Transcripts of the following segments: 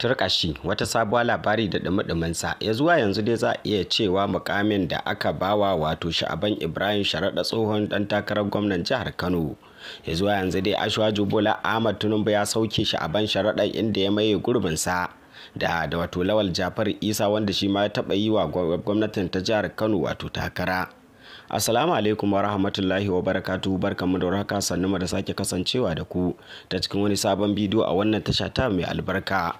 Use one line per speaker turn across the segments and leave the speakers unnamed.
turkashi wata sabuwa labari da sa, ya zuwa yanzu dai za iya cewa mukamin da aka bawa wato sha'aban ibrahim sharaɗa tsohon ɗan takarar gwamnan jihar kano ya zuwa yanzu dai ashwaju bola ahmad Tunubu ya sauke sha'aban sharaɗa inda ya maye gurbinsa da da wato lawal jafar isa wanda shi ma ya taɓa yi wa gwamnatin ta jihar kano wato takara Assalamu alaikum wa rahmatullahi wa barakatuhu barkanmu da warhaka sannu da sake kasancewa da ku ta cikin wani sabon bidiyo a wannan tasha ta mai albarka.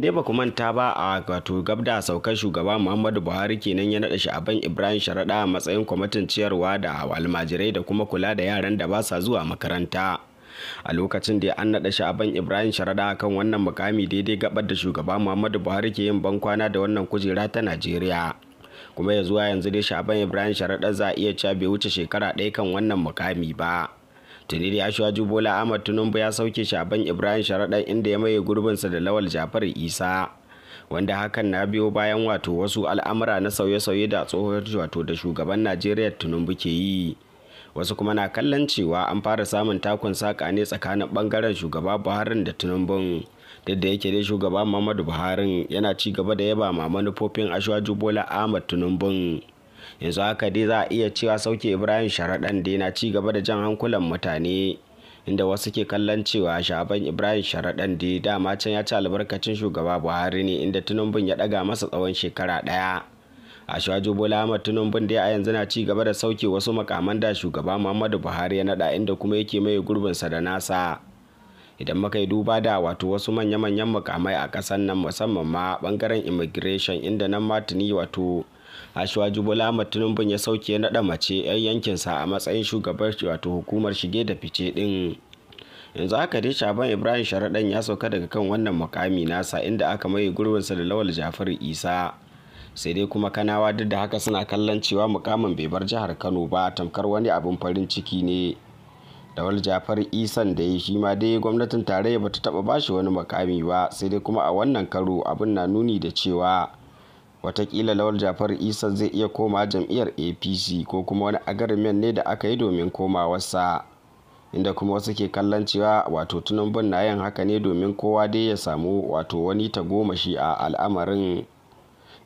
Dai ba ku manta ba a wato gabda saukar shugaba Muhammadu Buhari kenan ya naɗa ban Ibrahim Sharaɗa a matsayin kwamitin ciyarwa da almajirai da kuma kula da yaran da ba sa zuwa makaranta. a lokacin da an naɗa sha'aban ibrahim sharada kan wannan mukami daidai gabar da shugaba muhammadu buhari ke yin ban kwana da wannan kujera ta najeriya kuma ya zuwa yanzu dai shaban ibrahim sharaɗa za a iya cewa bai wuce shekara ɗaya kan wannan mukami ba tuni da ashuwa jubola ahmad tunumbu ya sauke shaban ibrahim sharaɗa inda ya maye gurbinsa da lawal jafar isa wanda hakan na biyo bayan wato wasu al'amura na sauye-sauye da tsohon wato da shugaban najeriya tunumbu ke yi wasu kuma na kallon cewa an fara samun takun saka ne tsakanin bangaren shugaba buhari da tinubu duk da yake dai shugaba muhammadu buhari yana ci gaba da yaba ma manufofin ashwaju bola ahmad tinubu yanzu haka dai za a iya cewa sauke ibrahim sharaɗan dai na ci gaba da jan hankulan mutane inda wasu ke kallon cewa shaban ibrahim sharaɗan dai dama can ya ci albarkacin shugaba buhari ne inda tinubu ya ɗaga masa tsawon shekara ɗaya a Ashwaju Bola Ahmad Tinubu dai a yanzu na ci gaba da sauke wasu makaman da shugaba Muhammadu Buhari ya nada inda kuma yake mai gurbin sa da nasa. Idan muka yi duba da wato wasu manya-manyan makamai a kasan nan musamman ma bangaren immigration inda nan ma wato Ashwaju Bola Ahmad Tinubu ya sauke nada mace 'yan yankinsa a matsayin shugabar wato hukumar shige da fice din. yanzu haka dai shaban ibrahim sharaɗan ya sauka daga kan wannan mukami nasa inda aka maye gurbinsa da lawal jafar isa sai dai kuma kanawa duk da haka suna kallon cewa mukamin bai bar jihar kano ba tamkar wani abin farin ciki ne dawal jafar isan da ya shi ma dai gwamnatin tarayya ba ta taba bashi wani mukami ba sai dai kuma a wannan karo abin na nuni da cewa watakila lawal jafar isan zai iya koma jam'iyyar apc ko kuma wani agarmen ne da aka yi domin koma wasa inda kuma wasu ke kallon cewa wato tunan na yin haka ne domin kowa dai ya samu wato wani tagomashi a al'amarin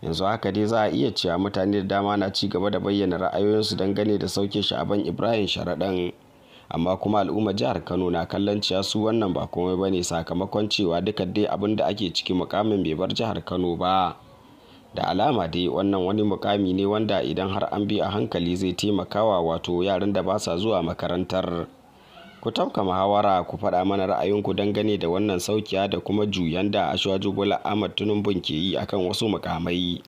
yanzu haka dai za a iya cewa mutane da dama na ci gaba da bayyana ra'ayoyinsu dangane da sauke sha'aban ibrahim sharaɗan amma kuma al'umma jihar kano na kallon cewa su wannan ba komai bane sakamakon cewa duka dai abin da ake ciki mukamin bai bar jihar kano ba da alama dai wannan wani mukami ne wanda idan har an bi a hankali zai taimakawa wato yaran da ba sa zuwa makarantar ku tamka muhawara ku faɗa mana ra'ayinku dangane da wannan saukiya da kuma juyan da Ashwaju Bola Ahmad Tinubu ke yi akan wasu mukamai.